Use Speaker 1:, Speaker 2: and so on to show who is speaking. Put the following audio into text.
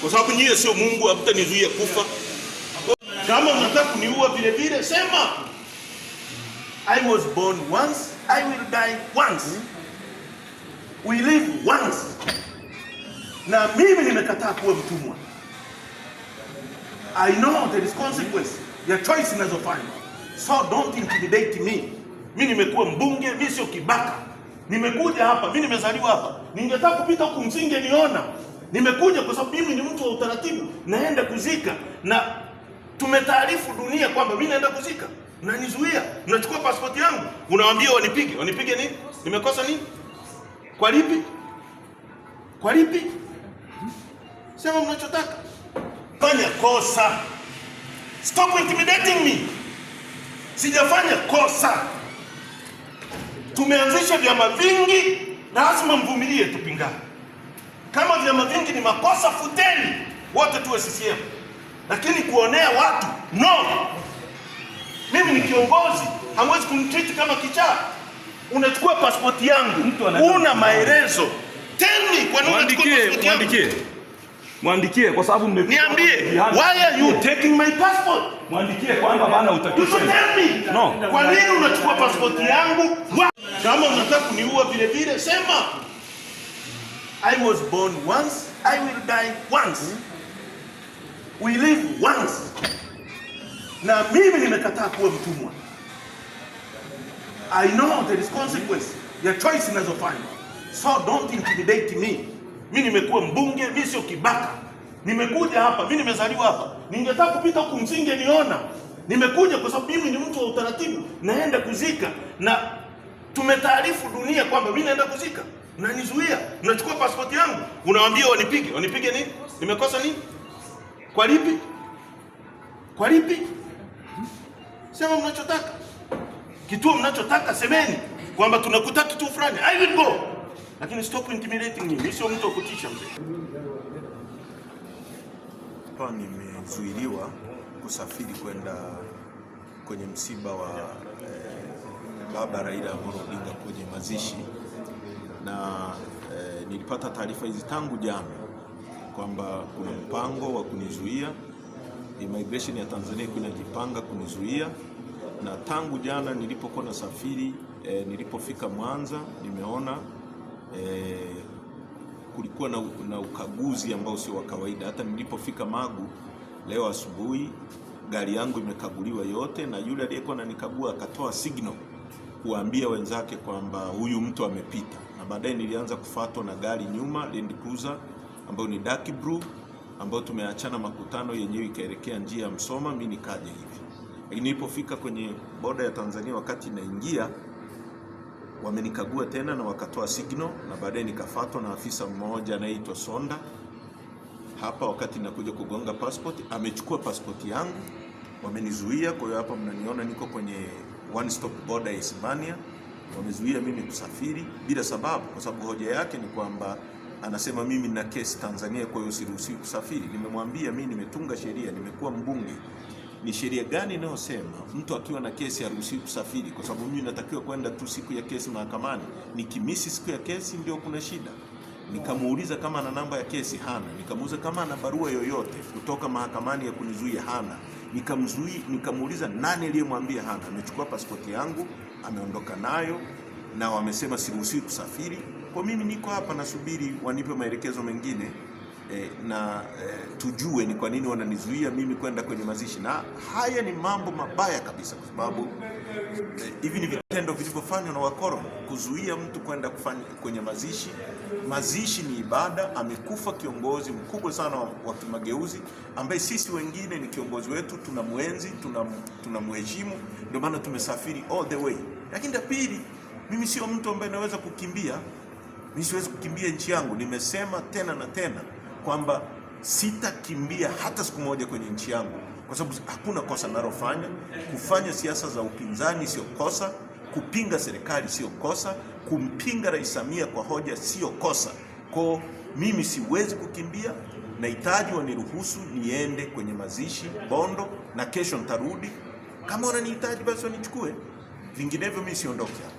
Speaker 1: kwa sababu nyie sio Mungu, hamtanizuia kufa. Kama unataka kuniua vile vile, sema I was born once, I will die once, we live once. Na mimi nimekataa kuwa mtumwa. I know there is consequence Your choice is not final. so don't intimidate me. Mimi nimekuwa mbunge, mimi sio kibaka, nimekuja hapa, mimi nimezaliwa hapa. Ningetaka kupita huku msinge niona Nimekuja kwa sababu mimi ni mtu wa utaratibu, naenda kuzika na tumetaarifu dunia kwamba mimi naenda kuzika, mnanizuia, mnachukua pasipoti yangu, unawaambia wanipige. Wanipige nini? Nimekosa nini? Kwa lipi? Kwa lipi? Sema mnachotaka. Fanya kosa. Stop intimidating me. Sijafanya kosa. Tumeanzisha vyama vingi, lazima mvumilie, tupingane. Kama vyama vingi ni makosa, futeni wote tuwe CCM, lakini kuonea watu no. Mimi ni kiongozi, hamwezi kumtreat kama kichaa. Unachukua pasipoti yangu, una maelezo teni, kwa nini unachukua pasipoti yangu?
Speaker 2: mwandikie kwa sababu
Speaker 1: mmekuja. niambie, why are you taking my passport?
Speaker 2: Mwandikie kwamba bana utakisha.
Speaker 1: tell me. no. Kwa nini unachukua passport yangu? Kama unataka kuniua vile vile sema. I was born once, I will die once. We live once. Na mimi nimekataa kuwa mtumwa. I know there is consequence ya choice ninazofanya. So don't intimidate me. Mimi nimekuwa mbunge, mimi sio kibaka. Nimekuja hapa, mimi nimezaliwa hapa. Ningetaka kupita huku msinge niona. Nimekuja kwa sababu mimi ni mtu wa utaratibu, naenda kuzika na tumetaarifu dunia kwamba mimi naenda kuzika mnanizuia, mnachukua pasipoti yangu, unawaambia wanipige. Wanipige nini? Nimekosa nini? Kwa lipi? Kwa lipi? Sema mnachotaka, kituo mnachotaka, semeni kwamba tunakuta kitu fulani, I will go, lakini stop intimidating me. Sio mtu wa kutisha mzee.
Speaker 2: Hapa nimezuiliwa kusafiri kwenda kwenye msiba wa eh, baba Raila Amolo Odinga kwenye mazishi na e, nilipata taarifa hizi tangu jana kwamba kuna mpango wa kunizuia immigration ya Tanzania kunajipanga kunizuia, na tangu jana nilipokuwa na safiri e, eh, nilipofika Mwanza nimeona e, kulikuwa na, na ukaguzi ambao sio wa kawaida. Hata nilipofika Magu leo asubuhi gari yangu imekaguliwa yote, na yule aliyekuwa ananikagua akatoa signal kuambia wenzake kwamba huyu mtu amepita baadaye nilianza kufuatwa na gari nyuma, Land Cruiser ambayo ni dark blue, ambayo tumeachana makutano yenyewe, ikaelekea njia ya Msoma, mimi nikaja hivi. Lakini nilipofika kwenye boda ya Tanzania, wakati naingia, wamenikagua tena na wakatoa signal, na baadaye nikafuatwa na afisa mmoja anayeitwa Sonda hapa wakati nakuja kugonga passport, amechukua passport yangu, wamenizuia. Kwa hiyo hapa mnaniona niko kwenye one stop border Hispania wamezuia mimi kusafiri bila sababu, kwa sababu hoja yake ni kwamba anasema mimi na kesi Tanzania, kwa hiyo siruhusiwi kusafiri. Nimemwambia mimi nimetunga sheria, nimekuwa mbunge, ni sheria gani inayosema mtu akiwa na kesi haruhusiwi kusafiri? Kwa sababu mimi natakiwa kwenda tu siku ya kesi mahakamani, nikimisi siku ya kesi ndio kuna shida. Nikamuuliza kama ana namba ya kesi, hana. Nikamuuliza kama ana barua yoyote kutoka mahakamani ya kunizuia, hana nikamzui nikamuuliza nani aliyemwambia hana. Amechukua pasipoti yangu ameondoka nayo, na wamesema siruhusiwi kusafiri. Kwa mimi niko hapa nasubiri wanipe maelekezo mengine eh, na eh, tujue ni kwa nini wananizuia mimi kwenda kwenye mazishi. Na haya ni mambo mabaya kabisa, kwa sababu eh, hivi eh, ni vitendo vilivyofanywa na wakoro kuzuia mtu kwenda kufanya kwenye mazishi. Mazishi ni ibada. Amekufa kiongozi mkubwa sana wa kimageuzi ambaye sisi wengine ni kiongozi wetu, tuna mwenzi, tuna mheshimu, ndio maana tumesafiri all the way. Lakini la pili, mimi sio mtu ambaye naweza kukimbia, mimi siwezi kukimbia nchi yangu, nimesema tena na tena kwamba sitakimbia hata siku moja kwenye nchi yangu, kwa sababu hakuna kosa nalofanya. Kufanya siasa za upinzani sio kosa, kupinga serikali sio kosa, kumpinga Rais Samia kwa hoja sio kosa. Kwa mimi siwezi kukimbia, nahitaji waniruhusu niende kwenye mazishi Bondo, na kesho nitarudi. Kama wananihitaji basi wanichukue, vinginevyo mimi siondoke hapa.